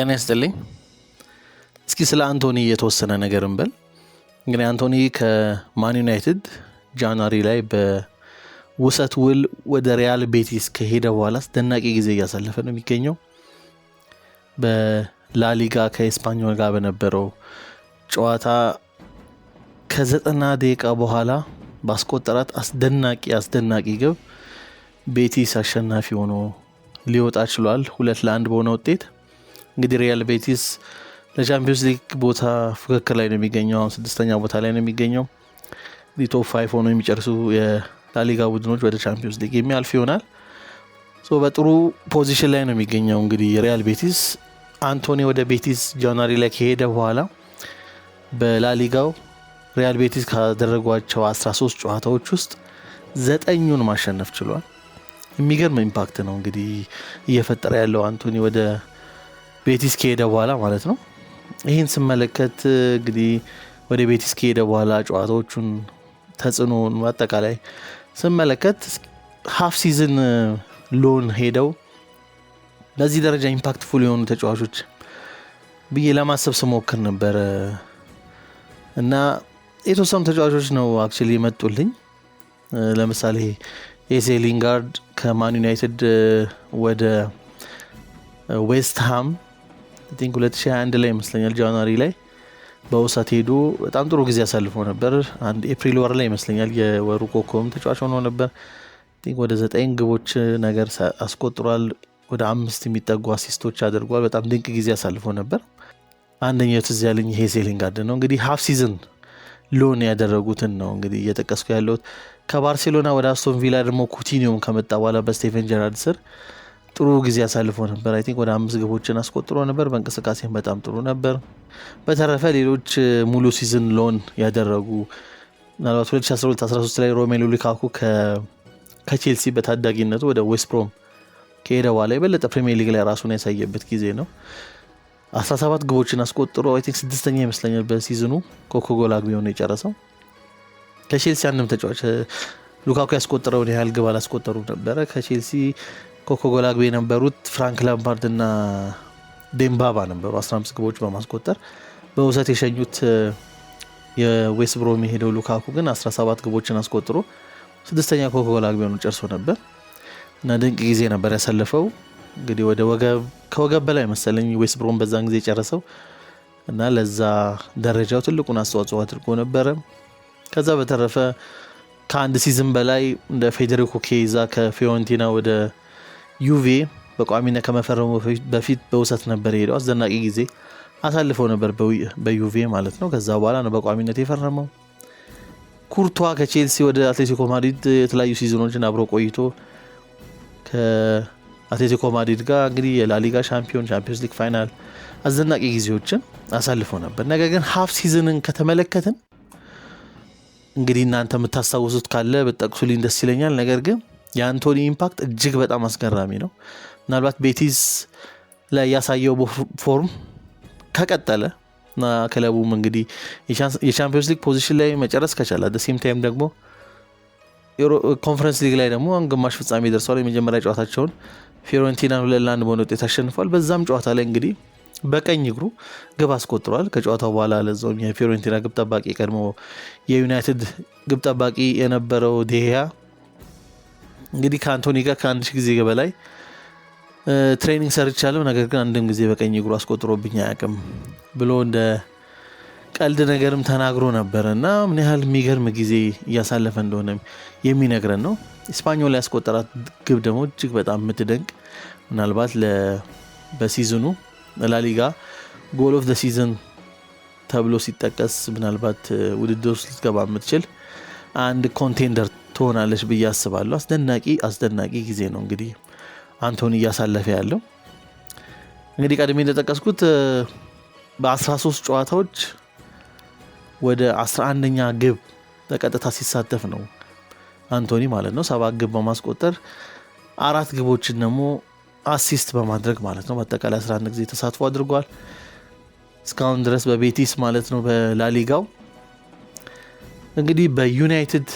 ጤና ይስጥልኝ። እስኪ ስለ አንቶኒ የተወሰነ ነገር እንበል። እንግዲህ አንቶኒ ከማን ዩናይትድ ጃንዋሪ ላይ በውሰት ውል ወደ ሪያል ቤቲስ ከሄደ በኋላ አስደናቂ ጊዜ እያሳለፈ ነው የሚገኘው። በላሊጋ ከኤስፓኞል ጋር በነበረው ጨዋታ ከዘጠና ደቂቃ በኋላ ባስቆጠራት አስደናቂ አስደናቂ ግብ ቤቲስ አሸናፊ ሆኖ ሊወጣ ችሏል፣ ሁለት ለአንድ በሆነ ውጤት እንግዲህ ሪያል ቤቲስ ለቻምፒዮንስ ሊግ ቦታ ፉክክር ላይ ነው የሚገኘው። አሁን ስድስተኛ ቦታ ላይ ነው የሚገኘው። ቶፕ ፋይቭ ሆኖ የሚጨርሱ የላሊጋ ቡድኖች ወደ ቻምፒዮንስ ሊግ የሚያልፍ ይሆናል። በጥሩ ፖዚሽን ላይ ነው የሚገኘው። እንግዲህ ሪያል ቤቲስ አንቶኒ ወደ ቤቲስ ጃንዋሪ ላይ ከሄደ በኋላ በላሊጋው ሪያል ቤቲስ ካደረጓቸው 13 ጨዋታዎች ውስጥ ዘጠኙን ማሸነፍ ችሏል። የሚገርም ኢምፓክት ነው እንግዲህ እየፈጠረ ያለው አንቶኒ ወደ ቤቲስ ከሄደ በኋላ ማለት ነው። ይህን ስመለከት እንግዲህ ወደ ቤቲስ ከሄደ በኋላ ጨዋታዎቹን ተጽዕኖን አጠቃላይ ስመለከት ሀፍ ሲዝን ሎን ሄደው ለዚህ ደረጃ ኢምፓክት ፉል የሆኑ ተጫዋቾች ብዬ ለማሰብ ስሞክር ነበር እና የተወሰኑ ተጫዋቾች ነው አክቹዋሊ የመጡልኝ። ለምሳሌ ኤሴ ሊንጋርድ ከማን ዩናይትድ ወደ ዌስትሃም ቲንክ 2021 ላይ ይመስለኛል ጃንዋሪ ላይ በውሳት ሄዶ በጣም ጥሩ ጊዜ አሳልፎ ነበር። አንድ ኤፕሪል ወር ላይ ይመስለኛል የወሩ ኮኮም ተጫዋች ሆኖ ነበር። ወደ ዘጠኝ ግቦች ነገር አስቆጥሯል። ወደ አምስት የሚጠጉ አሲስቶች አድርጓል። በጣም ድንቅ ጊዜ አሳልፎ ነበር። አንደኛው ትዝ ያለኝ ይሄ ሴሊንጋርድ ነው። እንግዲህ ሀፍ ሲዝን ሎን ያደረጉትን ነው እንግዲህ እየጠቀስኩ ያለሁት። ከባርሴሎና ወደ አስቶን ቪላ ደግሞ ኩቲኒዮም ከመጣ በኋላ በስቴቨን ጀራርድ ስር ጥሩ ጊዜ አሳልፎ ነበር። አይ ቲንክ ወደ አምስት ግቦችን አስቆጥሮ ነበር። በእንቅስቃሴም በጣም ጥሩ ነበር። በተረፈ ሌሎች ሙሉ ሲዝን ሎን ያደረጉ ምናልባት 2012/13 ላይ ሮሜሉ ሊካኩ ከቼልሲ በታዳጊነቱ ወደ ዌስት ከሄደ በኋላ የበለጠ ፕሪሚየር ሊግ ላይ ራሱን ያሳየበት ጊዜ ነው። 17 ግቦችን አስቆጥሮ አይ ቲንክ ስድስተኛ ይመስለኛል በሲዝኑ ኮከብ ጎል አግቢ የጨረሰው። ከቼልሲ አንድም ተጫዋች ሉካኩ ያስቆጠረውን ያህል ግብ አላስቆጠሩም ነበረ። ከቼልሲ ኮኮ ጎል አግቢ የነበሩት ፍራንክ ላምፓርድ እና ዴምባባ ነበሩ 15 ግቦች በማስቆጠር በውሰት የሸኙት የዌስት ብሮም የሄደው ሉካኩ ግን 17 ግቦችን አስቆጥሮ ስድስተኛ ኮኮ ጎል አግቢ ጨርሶ ነበር እና ድንቅ ጊዜ ነበር ያሳለፈው። እንግዲህ ወደ ወገብ ከወገብ በላይ መሰለኝ ዌስት ብሮም በዛን ጊዜ ጨረሰው እና ለዛ ደረጃው ትልቁን አስተዋጽኦ አድርጎ ነበረ። ከዛ በተረፈ ከአንድ ሲዝን በላይ እንደ ፌዴሪኮ ኬዛ ከፊዮረንቲና ወደ ዩቬ በቋሚነት ከመፈረሙ በፊት በውሰት ነበር የሄደው። አስደናቂ ጊዜ አሳልፈው ነበር በዩቬ ማለት ነው። ከዛ በኋላ ነው በቋሚነት የፈረመው። ኩርቷ ከቼልሲ ወደ አትሌቲኮ ማድሪድ የተለያዩ ሲዝኖችን አብሮ ቆይቶ ከአትሌቲኮ ማድሪድ ጋር እንግዲህ የላሊጋ ሻምፒዮን፣ ሻምፒዮንስ ሊግ ፋይናል አስደናቂ ጊዜዎችን አሳልፎ ነበር። ነገር ግን ሀፍ ሲዝንን ከተመለከትን እንግዲህ እናንተ የምታስታውሱት ካለ ብትጠቅሱልኝ ደስ ይለኛል። ነገር ግን የአንቶኒ ኢምፓክት እጅግ በጣም አስገራሚ ነው። ምናልባት ቤቲስ ላይ ያሳየው ፎርም ከቀጠለ እና ክለቡም እንግዲህ የቻምፒዮንስ ሊግ ፖዚሽን ላይ መጨረስ ከቻለ ደሴም ታይም ደግሞ ኮንፈረንስ ሊግ ላይ ደግሞ ግማሽ ፍጻሜ ደርሰዋል። የመጀመሪያ ጨዋታቸውን ፊዮረንቲና ሁለት ለአንድ በሆነ ውጤት አሸንፏል። በዛም ጨዋታ ላይ እንግዲህ በቀኝ እግሩ ግብ አስቆጥሯል። ከጨዋታው በኋላ ለዞም የፊዮረንቲና ግብ ጠባቂ ቀድሞ የዩናይትድ ግብ ጠባቂ የነበረው ዲያ እንግዲህ ከአንቶኒ ጋር ከአንድ ሺ ጊዜ በላይ ትሬኒንግ ሰርቻለሁ፣ ነገር ግን አንድም ጊዜ በቀኝ እግሩ አስቆጥሮብኝ አያውቅም ብሎ እንደ ቀልድ ነገርም ተናግሮ ነበር እና ምን ያህል የሚገርም ጊዜ እያሳለፈ እንደሆነ የሚነግረን ነው። ስፓኞል ያስቆጠራት ግብ ደግሞ እጅግ በጣም የምትደንቅ ምናልባት በሲዝኑ ላሊጋ ጎል ኦፍ ዘ ሲዝን ተብሎ ሲጠቀስ ምናልባት ውድድር ውስጥ ልትገባ የምትችል አንድ ኮንቴንደር ትሆናለች ብዬ አስባለሁ። አስደናቂ አስደናቂ ጊዜ ነው እንግዲህ አንቶኒ እያሳለፈ ያለው እንግዲህ ቀድሜ እንደጠቀስኩት በ13 ጨዋታዎች ወደ 11ኛ ግብ በቀጥታ ሲሳተፍ ነው አንቶኒ ማለት ነው። ሰባት ግብ በማስቆጠር አራት ግቦችን ደግሞ አሲስት በማድረግ ማለት ነው። በአጠቃላይ 11 ጊዜ ተሳትፎ አድርጓል እስካሁን ድረስ በቤቲስ ማለት ነው በላሊጋው እንግዲህ በዩናይትድ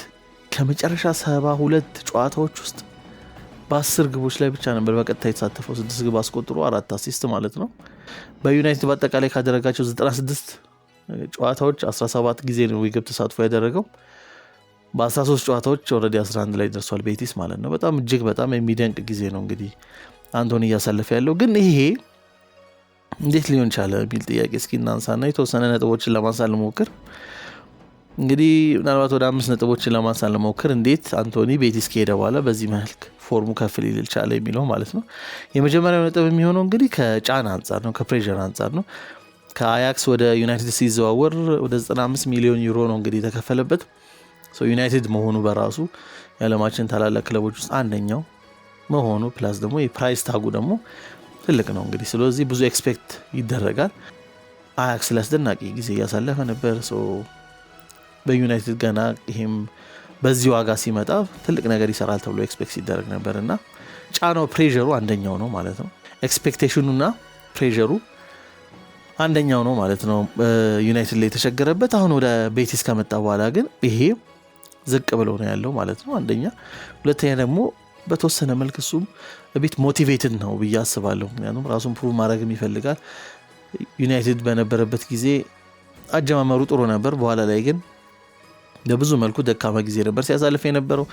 ከመጨረሻ ሰባ ሁለት ጨዋታዎች ውስጥ በአስር ግቦች ላይ ብቻ ነበር በቀጥታ የተሳተፈው ስድስት ግብ አስቆጥሮ አራት አሲስት ማለት ነው። በዩናይትድ በአጠቃላይ ካደረጋቸው 96 ጨዋታዎች 17 ጊዜ ነው የግብ ተሳትፎ ያደረገው። በ13 ጨዋታዎች ኦልሬዲ 11 ላይ ደርሷል ቤቲስ ማለት ነው። በጣም እጅግ በጣም የሚደንቅ ጊዜ ነው እንግዲህ አንቶኒ እያሳለፈ ያለው። ግን ይሄ እንዴት ሊሆን ቻለ የሚል ጥያቄ እስኪ እናንሳና የተወሰነ ነጥቦችን ለማንሳት ልሞክር። እንግዲህ ምናልባት ወደ አምስት ነጥቦችን ለማንሳት ለመሞክር እንዴት አንቶኒ ቤቲስ ከሄደ በኋላ በዚህ መልክ ፎርሙ ከፍ ሊል ቻለ የሚለው ማለት ነው። የመጀመሪያው ነጥብ የሚሆነው እንግዲህ ከጫና አንጻር ነው፣ ከፕሬር አንጻር ነው። ከአያክስ ወደ ዩናይትድ ሲዘዋወር ወደ 95 ሚሊዮን ዩሮ ነው እንግዲህ የተከፈለበት። ዩናይትድ መሆኑ በራሱ የዓለማችን ታላላቅ ክለቦች ውስጥ አንደኛው መሆኑ ፕላስ ደግሞ የፕራይስ ታጉ ደግሞ ትልቅ ነው እንግዲህ ስለዚህ ብዙ ኤክስፔክት ይደረጋል። አያክስ ላይ ጊዜ እያሳለፈ ነበር። በዩናይትድ ገና ይሄም በዚህ ዋጋ ሲመጣ ትልቅ ነገር ይሰራል ተብሎ ኤክስፔክት ሲደረግ ነበር እና ጫናው ፕሬሩ አንደኛው ነው ማለት ነው። ኤክስፔክቴሽኑና ፕሬሩ አንደኛው ነው ማለት ነው። ዩናይትድ ላይ የተቸገረበት አሁን ወደ ቤቲስ ከመጣ በኋላ ግን ይሄ ዝቅ ብሎ ነው ያለው ማለት ነው። አንደኛ ሁለተኛ ደግሞ በተወሰነ መልክ እሱም ቤት ሞቲቬትድ ነው ብዬ አስባለሁ። ምክንያቱም ራሱን ፕሩቭ ማድረግም ይፈልጋል። ዩናይትድ በነበረበት ጊዜ አጀማመሩ ጥሩ ነበር። በኋላ ላይ ግን በብዙ መልኩ ደካማ ጊዜ ነበር ሲያሳልፍ የነበረው።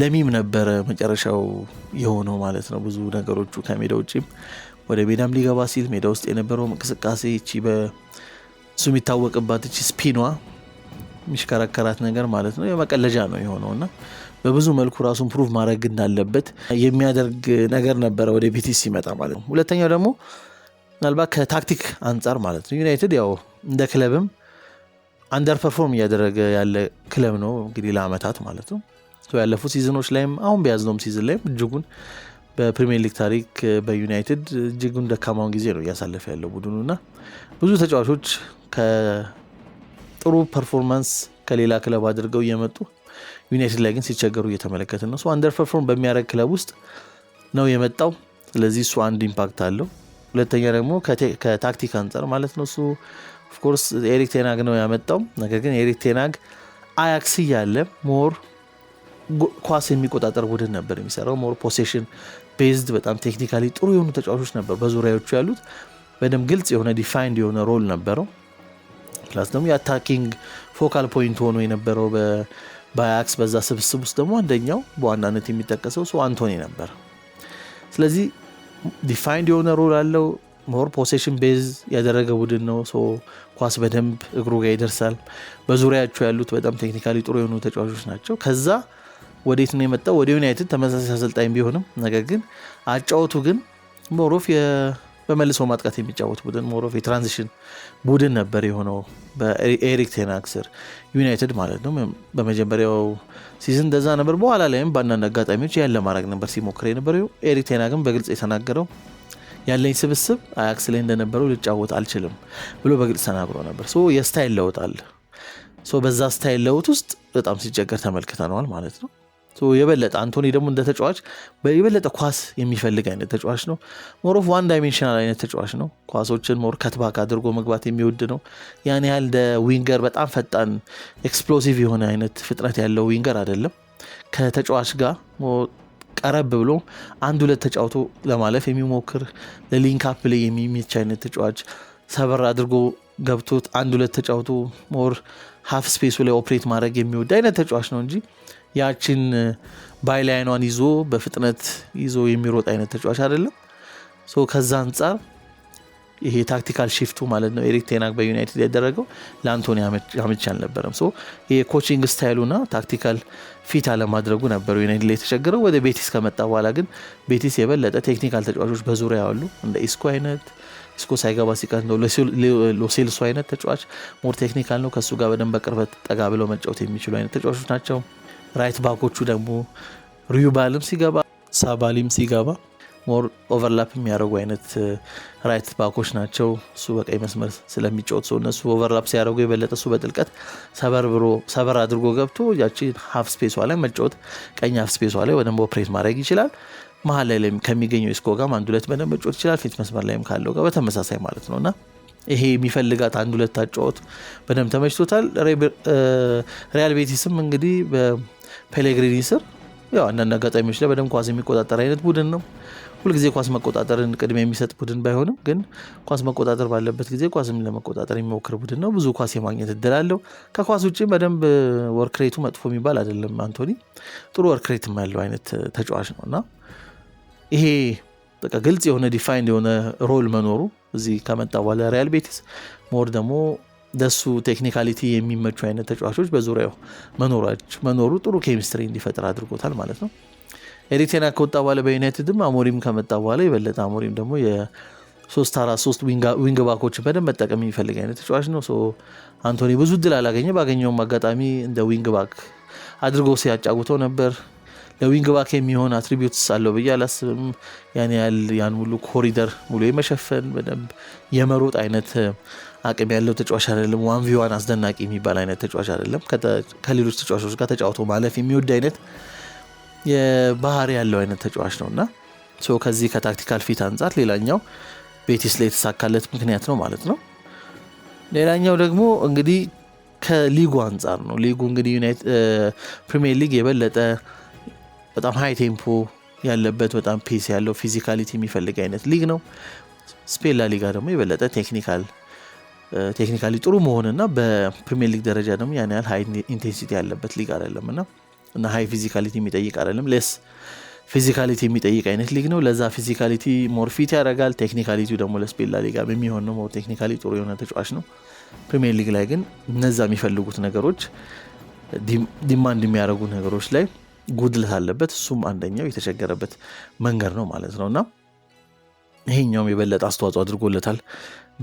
ለሚም ነበረ መጨረሻው የሆነው ማለት ነው። ብዙ ነገሮቹ ከሜዳ ውጭም ወደ ሜዳም ሊገባ ሲል ሜዳ ውስጥ የነበረው እንቅስቃሴ ቺ በሱ የሚታወቅባት ቺ ስፒኗ የሚሽከረከራት ነገር ማለት ነው የመቀለጃ ነው የሆነው እና በብዙ መልኩ ራሱን ፕሩቭ ማድረግ እንዳለበት የሚያደርግ ነገር ነበረ ወደ ቤቲስ ሲመጣ ማለት ነው። ሁለተኛው ደግሞ ምናልባት ከታክቲክ አንጻር ማለት ነው ዩናይትድ ያው እንደ ክለብም አንደር ፐርፎርም እያደረገ ያለ ክለብ ነው እንግዲህ ለአመታት ማለት ነው። ያለፉት ሲዝኖች ላይም አሁን ቢያዝነውም ሲዝን ላይም እጅጉን በፕሪሚየር ሊግ ታሪክ በዩናይትድ እጅጉን ደካማውን ጊዜ ነው እያሳለፈ ያለው ቡድኑ እና ብዙ ተጫዋቾች ከጥሩ ፐርፎርማንስ ከሌላ ክለብ አድርገው እየመጡ ዩናይትድ ላይ ግን ሲቸገሩ እየተመለከት ነው። አንደር ፐርፎርም በሚያደርግ ክለብ ውስጥ ነው የመጣው። ስለዚህ እሱ አንድ ኢምፓክት አለው። ሁለተኛ ደግሞ ከታክቲክ አንጻር ማለት ነው እሱ ኦፍኮርስ ኤሪክ ቴናግ ነው ያመጣው። ነገር ግን ኤሪክ ቴናግ አያክስ እያለ ሞር ኳስ የሚቆጣጠር ቡድን ነበር የሚሰራው። ሞር ፖሴሽን ቤዝድ በጣም ቴክኒካሊ ጥሩ የሆኑ ተጫዋቾች ነበር በዙሪያዎቹ ያሉት። በደም ግልጽ የሆነ ዲፋይንድ የሆነ ሮል ነበረው። ፕላስ ደግሞ የአታኪንግ ፎካል ፖይንት ሆኖ የነበረው በአያክስ በዛ ስብስብ ውስጥ ደግሞ አንደኛው በዋናነት የሚጠቀሰው ሰው አንቶኒ ነበር። ስለዚህ ዲፋይንድ የሆነ ሮል አለው። ሞር ፖሴሽን ቤዝ ያደረገ ቡድን ነው። ኳስ በደንብ እግሩ ጋር ይደርሳል። በዙሪያቸው ያሉት በጣም ቴክኒካ ጥሩ የሆኑ ተጫዋቾች ናቸው። ከዛ ወዴት ነው የመጣው? ወደ ዩናይትድ ተመሳሳይ አሰልጣኝ ቢሆንም ነገር ግን አጫወቱ ግን ሞሮፍ በመልሶ ማጥቃት የሚጫወት ቡድን ሞሮፍ የትራንዚሽን ቡድን ነበር የሆነው በኤሪክ ቴናክስር ዩናይትድ ማለት ነው። በመጀመሪያው ሲዝን እንደዛ ነበር። በኋላ ላይም በአንዳንድ አጋጣሚዎች ያን ለማድረግ ነበር ሲሞክር የነበረው። ኤሪክ ቴና ግን በግልጽ የተናገረው ያለኝ ስብስብ አያክስ ላይ እንደነበረው ልጫወት አልችልም ብሎ በግልጽ ተናግሮ ነበር። የስታይል ለውጥ አለ። በዛ ስታይል ለውጥ ውስጥ በጣም ሲቸገር ተመልክተነዋል ማለት ነው። የበለጠ አንቶኒ ደግሞ እንደ ተጫዋች የበለጠ ኳስ የሚፈልግ አይነት ተጫዋች ነው። ሞሮፍ ዋን ዳይሜንሽናል አይነት ተጫዋች ነው። ኳሶችን ሞር ከትባክ አድርጎ መግባት የሚወድ ነው። ያን ያህል እንደ ዊንገር በጣም ፈጣን ኤክስፕሎሲቭ የሆነ አይነት ፍጥነት ያለው ዊንገር አይደለም። ከተጫዋች ጋር ቀረብ ብሎ አንድ ሁለት ተጫውቶ ለማለፍ የሚሞክር ለሊንካፕ ላይ የሚመች አይነት ተጫዋች ሰበር አድርጎ ገብቶት አንድ ሁለት ተጫውቶ ሞር ሀፍ ስፔሱ ላይ ኦፕሬት ማድረግ የሚወድ አይነት ተጫዋች ነው እንጂ ያችን ባይላይኗን ይዞ በፍጥነት ይዞ የሚሮጥ አይነት ተጫዋች አይደለም። ከዛ አንጻር ይሄ ታክቲካል ሽፍቱ ማለት ነው ኤሪክ ቴናክ በዩናይትድ ያደረገው ለአንቶኒ አምቻ አልነበረም። ሶ ስታይሉ ስታይሉና ታክቲካል ፊት አለማድረጉ ነበሩ ዩናይትድ ላይ የተቸገረው። ወደ ቤቲስ ከመጣ በኋላ ግን ቤቲስ የበለጠ ቴክኒካል ተጫዋቾች በዙሪያ ያሉ እንደ ኢስኮ አይነት ኢስኮ ሳይገባ ሲቀር ነው ሎሴልሶ አይነት ተጫዋች ሞር ቴክኒካል ነው። ከእሱ ጋር በደንብ በቅርበት ጠጋ ብለው መጫወት የሚችሉ አይነት ተጫዋቾች ናቸው። ራይት ባኮቹ ደግሞ ሪዩባልም ሲገባ ሳባሊም ሲገባ ሞር ኦቨርላፕ የሚያደርጉ አይነት ራይት ባኮች ናቸው። እሱ በቀይ መስመር ስለሚጫወት ሰው እነሱ ኦቨርላፕ ሲያደርጉ የበለጠ እሱ በጥልቀት ሰበር አድርጎ ገብቶ ያቺ ሀፍ ስፔሷ ላይ መጫወት ቀኝ ሀፍ ስፔሷ ላይ ወደ ኦፕሬት ማድረግ ይችላል። መሀል ላይ ከሚገኘው ስኮ ጋም አንድ ሁለት በደንብ መጫወት ይችላል። ፊት መስመር ላይም ካለው ጋር በተመሳሳይ ማለት ነው እና ይሄ የሚፈልጋት አንድ ሁለት አጫወት በደንብ ተመችቶታል። ሪያል ቤቲስም እንግዲህ በፔሌግሪኒ ስር ያው አንዳንድ አጋጣሚዎች ላይ በደንብ ኳስ የሚቆጣጠር አይነት ቡድን ነው። ሁልጊዜ ኳስ መቆጣጠርን ቅድሚያ የሚሰጥ ቡድን ባይሆንም ግን ኳስ መቆጣጠር ባለበት ጊዜ ኳስም ለመቆጣጠር የሚሞክር ቡድን ነው። ብዙ ኳስ የማግኘት እድል አለው። ከኳስ ውጭ በደንብ ወርክሬቱ መጥፎ የሚባል አይደለም። አንቶኒ ጥሩ ወርክሬት ያለው አይነት ተጫዋች ነው እና ይሄ በቃ ግልጽ የሆነ ዲፋይንድ የሆነ ሮል መኖሩ እዚህ ከመጣ በኋላ ሪያል ቤቲስ ሞር ደግሞ ለሱ ቴክኒካሊቲ የሚመቹ አይነት ተጫዋቾች በዙሪያው መኖሩ ጥሩ ኬሚስትሪ እንዲፈጥር አድርጎታል ማለት ነው። ኤሪቴና ከወጣ በኋላ በዩናይትድም አሞሪም ከመጣ በኋላ የበለጠ አሞሪም ደግሞ የሶስት አራት ሶስት ዊንግ ባኮችን በደንብ መጠቀም የሚፈልግ አይነት ተጫዋች ነው። አንቶኒ ብዙ እድል አላገኘ፣ ባገኘውም አጋጣሚ እንደ ዊንግ ባክ አድርጎ ሲያጫውተው ነበር። ለዊንግ ባክ የሚሆን አትሪቢዩትስ አለው ብዬ አላስብም። ያን ያህል ያን ሙሉ ኮሪደር ሙሉ የመሸፈን በደንብ የመሮጥ አይነት አቅም ያለው ተጫዋች አይደለም። ዋን ቪዋን አስደናቂ የሚባል አይነት ተጫዋች አይደለም። ከሌሎች ተጫዋቾች ጋር ተጫውቶ ማለፍ የሚወድ አይነት የባህር ያለው አይነት ተጫዋች ነው እና ከዚህ ከታክቲካል ፊት አንጻር ሌላኛው ቤቲስ ላይ የተሳካለት ምክንያት ነው ማለት ነው። ሌላኛው ደግሞ እንግዲህ ከሊጉ አንጻር ነው። ሊጉ እንግዲህ ፕሪሚየር ሊግ የበለጠ በጣም ሀይ ቴምፖ ያለበት በጣም ፔስ ያለው ፊዚካሊቲ የሚፈልግ አይነት ሊግ ነው። ስፔን ላ ሊጋ ደግሞ የበለጠ ቴክኒካል ቴክኒካሊ ጥሩ መሆንና በፕሪሚየር ሊግ ደረጃ ደግሞ ያን ያህል ሀይ ኢንቴንሲቲ ያለበት ሊግ አይደለም እና እና ሀይ ፊዚካሊቲ የሚጠይቅ አይደለም። ሌስ ፊዚካሊቲ የሚጠይቅ አይነት ሊግ ነው። ለዛ ፊዚካሊቲ ሞርፊት ያደርጋል። ቴክኒካሊቲ ደግሞ ለስፔላ ሊጋ የሚሆን ነው። ቴክኒካሊ ጥሩ የሆነ ተጫዋች ነው። ፕሪሚየር ሊግ ላይ ግን እነዛ የሚፈልጉት ነገሮች ዲማንድ የሚያደርጉ ነገሮች ላይ ጉድለት አለበት። እሱም አንደኛው የተቸገረበት መንገድ ነው ማለት ነው እና ይሄኛውም የበለጠ አስተዋጽኦ አድርጎለታል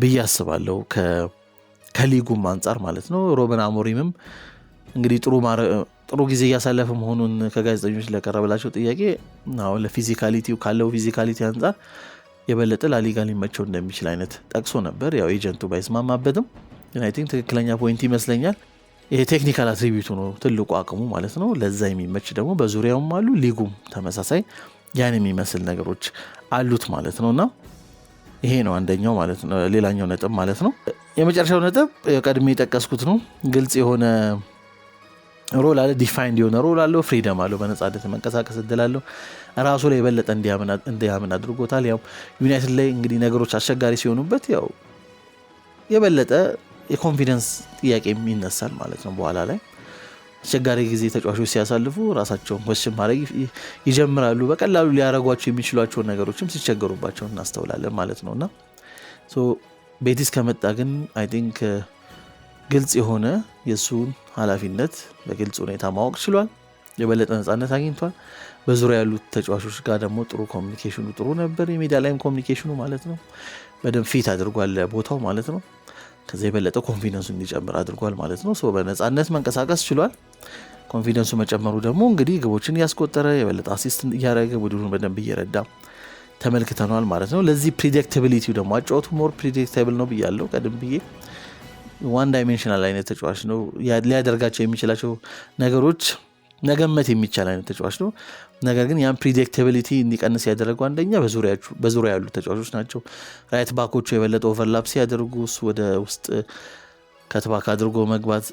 ብዬ አስባለሁ ከሊጉም አንጻር ማለት ነው። ሮበን አሞሪምም እንግዲህ ጥሩ ጥሩ ጊዜ እያሳለፈ መሆኑን ከጋዜጠኞች ለቀረበላቸው ጥያቄ ለፊዚካሊቲ ካለው ፊዚካሊቲ አንጻር የበለጠ ላሊጋ ሊመቸው እንደሚችል አይነት ጠቅሶ ነበር። ያው ኤጀንቱ ባይስማማበትም ግን ትክክለኛ ፖይንት ይመስለኛል። ይሄ ቴክኒካል አትሪቢቱ ነው ትልቁ አቅሙ ማለት ነው። ለዛ የሚመች ደግሞ በዙሪያውም አሉ፣ ሊጉም ተመሳሳይ ያን የሚመስል ነገሮች አሉት ማለት ነው እና ይሄ ነው አንደኛው ማለት ነው። ሌላኛው ነጥብ ማለት ነው የመጨረሻው ነጥብ ቀድሜ የጠቀስኩት ነው ግልጽ የሆነ ሮል አለ፣ ዲፋይንድ የሆነ ሮል አለው፣ ፍሪደም አለው፣ በነጻነት መንቀሳቀስ እድል አለው። ራሱ ላይ የበለጠ እንዲያምን አድርጎታል። ያው ዩናይትድ ላይ እንግዲህ ነገሮች አስቸጋሪ ሲሆኑበት ያው የበለጠ የኮንፊደንስ ጥያቄ ይነሳል ማለት ነው። በኋላ ላይ አስቸጋሪ ጊዜ ተጫዋቾች ሲያሳልፉ ራሳቸውን ኮስችን ማድረግ ይጀምራሉ። በቀላሉ ሊያረጓቸው የሚችሏቸውን ነገሮችም ሲቸገሩባቸው እናስተውላለን ማለት ነው እና ቤቲስ ከመጣ ግን አይ ቲንክ ግልጽ የሆነ የእሱን ኃላፊነት በግልጽ ሁኔታ ማወቅ ችሏል። የበለጠ ነፃነት አግኝቷል። በዙሪያ ያሉት ተጫዋቾች ጋር ደግሞ ጥሩ ኮሚኒኬሽኑ ጥሩ ነበር። የሜዳ ላይም ኮሚኒኬሽኑ ማለት ነው በደንብ ፊት አድርጓል ቦታው ማለት ነው። ከዚያ የበለጠ ኮንፊደንሱ እንዲጨምር አድርጓል ማለት ነው። በነፃነት መንቀሳቀስ ችሏል። ኮንፊደንሱ መጨመሩ ደግሞ እንግዲህ ግቦችን እያስቆጠረ የበለጠ አሲስት እያደረገ ቡድኑን በደንብ እየረዳ ተመልክተኗል ማለት ነው። ለዚህ ፕሪዲክታብሊቲው ደግሞ አጫወቱ ሞር ፕሪዲክታብል ነው ብያለው ቀደም ብዬ ዋን ዳይሜንሽናል አይነት ተጫዋች ነው። ሊያደርጋቸው የሚችላቸው ነገሮች መገመት የሚቻል አይነት ተጫዋች ነው። ነገር ግን ያን ፕሪዲክታቢሊቲ እንዲቀንስ ያደረገው አንደኛ በዙሪያ ያሉ ተጫዋቾች ናቸው። ራይት ባኮቹ የበለጠ ኦቨርላፕ ሲያደርጉ እሱ ወደ ውስጥ ከትባክ አድርጎ መግባት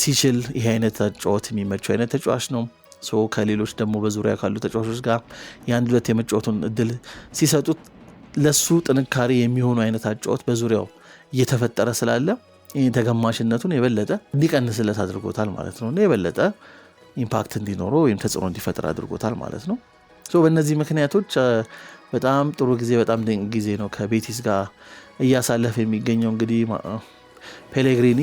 ሲችል ይህ አይነት ጨዋታ የሚመቸው አይነት ተጫዋች ነው። ሶ ከሌሎች ደግሞ በዙሪያ ካሉ ተጫዋቾች ጋር የአንድ ሁለት የመጫወቱን እድል ሲሰጡት ለሱ ጥንካሬ የሚሆኑ አይነት አጫወት በዙሪያው እየተፈጠረ ስላለ ተገማሽነቱን የበለጠ እንዲቀንስለት አድርጎታል ማለት ነው እና የበለጠ ኢምፓክት እንዲኖረው ወይም ተጽዕኖ እንዲፈጥር አድርጎታል ማለት ነው። በእነዚህ ምክንያቶች በጣም ጥሩ ጊዜ በጣም ድንቅ ጊዜ ነው ከቤቲስ ጋር እያሳለፈ የሚገኘው እንግዲህ ፔሌግሪኒ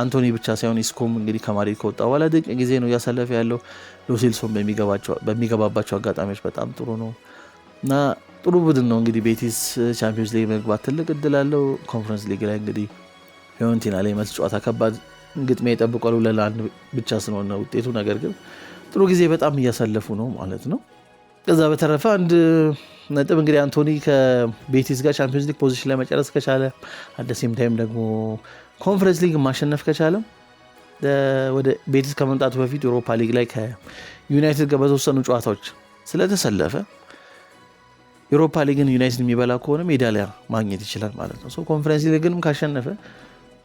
አንቶኒ ብቻ ሳይሆን ኢስኮም እንግዲህ ከማድሪድ ከወጣ በኋላ ድንቅ ጊዜ ነው እያሳለፈ ያለው። ሎሴልሶን በሚገባባቸው አጋጣሚዎች በጣም ጥሩ ነው እና ጥሩ ቡድን ነው እንግዲህ ቤቲስ ቻምፒዮንስ ሊግ መግባት ትልቅ እድል አለው። ኮንፈረንስ ሊግ ላይ እንግዲህ ፊዮረንቲና ላይ መልስ ጨዋታ ከባድ ግጥሚያ የጠብቋል። ለላንድ ብቻ ስለሆነ ውጤቱ ነገር ግን ጥሩ ጊዜ በጣም እያሳለፉ ነው ማለት ነው። ከዛ በተረፈ አንድ ነጥብ እንግዲህ አንቶኒ ከቤቲስ ጋር ቻምፒዮንስ ሊግ ፖዚሽን ላይ መጨረስ ከቻለ አደሴም ታይም ደግሞ ኮንፈረንስ ሊግ ማሸነፍ ከቻለ ወደ ቤቲስ ከመምጣቱ በፊት ዩሮፓ ሊግ ላይ ከዩናይትድ ጋር በተወሰኑ ጨዋታዎች ስለተሰለፈ ዩሮፓ ሊግን ዩናይትድ የሚበላ ከሆነ ሜዳሊያ ማግኘት ይችላል ማለት ነው። ኮንፈረንስ ሊግንም ካሸነፈ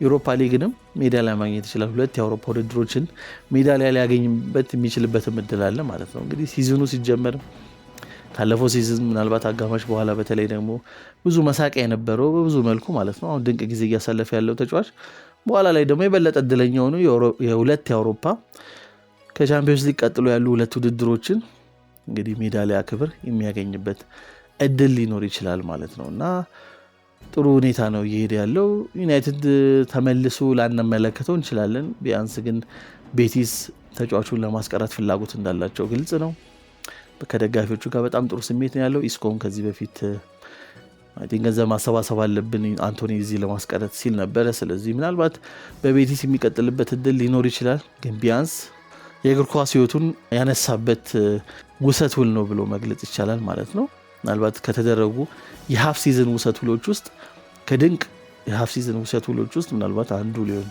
ዩሮፓ ሊግንም ሜዳሊያ ማግኘት ይችላል። ሁለት የአውሮፓ ውድድሮችን ሜዳሊያ ሊያገኝበት የሚችልበትም እድል አለ ማለት ነው። እንግዲህ ሲዝኑ ሲጀመር ካለፈው ሲዝን ምናልባት አጋማሽ በኋላ በተለይ ደግሞ ብዙ መሳቂያ የነበረው በብዙ መልኩ ማለት ነው አሁን ድንቅ ጊዜ እያሳለፈ ያለው ተጫዋች በኋላ ላይ ደግሞ የበለጠ እድለኛ ሆኑ የሁለት የአውሮፓ ከቻምፒዮንስ ሊግ ቀጥሎ ያሉ ሁለት ውድድሮችን እንግዲህ ሜዳሊያ ክብር የሚያገኝበት እድል ሊኖር ይችላል ማለት ነው እና ጥሩ ሁኔታ ነው እየሄደ ያለው። ዩናይትድ ተመልሶ ላንመለከተው እንችላለን። ቢያንስ ግን ቤቲስ ተጫዋቹን ለማስቀረት ፍላጎት እንዳላቸው ግልጽ ነው። ከደጋፊዎቹ ጋር በጣም ጥሩ ስሜት ነው ያለው። ኢስኮም ከዚህ በፊት ገንዘብ ማሰባሰብ አለብን አንቶኒ እዚህ ለማስቀረት ሲል ነበረ። ስለዚህ ምናልባት በቤቲስ የሚቀጥልበት እድል ሊኖር ይችላል። ግን ቢያንስ የእግር ኳስ ህይወቱን ያነሳበት ውሰት ውል ነው ብሎ መግለጽ ይቻላል ማለት ነው። ምናልባት ከተደረጉ የሀፍ ሲዝን ውሰት ውሎች ውስጥ ከድንቅ የሀፍ ሲዝን ውሰት ውሎች ውስጥ ምናልባት አንዱ ሊሆን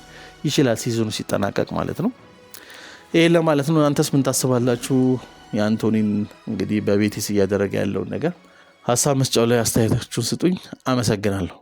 ይችላል፣ ሲዝኑ ሲጠናቀቅ ማለት ነው። ይህን ለማለት ነው። አንተስ ምን ታስባላችሁ? የአንቶኒን እንግዲህ በቤቲስ እያደረገ ያለውን ነገር ሀሳብ መስጫው ላይ አስተያየታችሁን ስጡኝ። አመሰግናለሁ።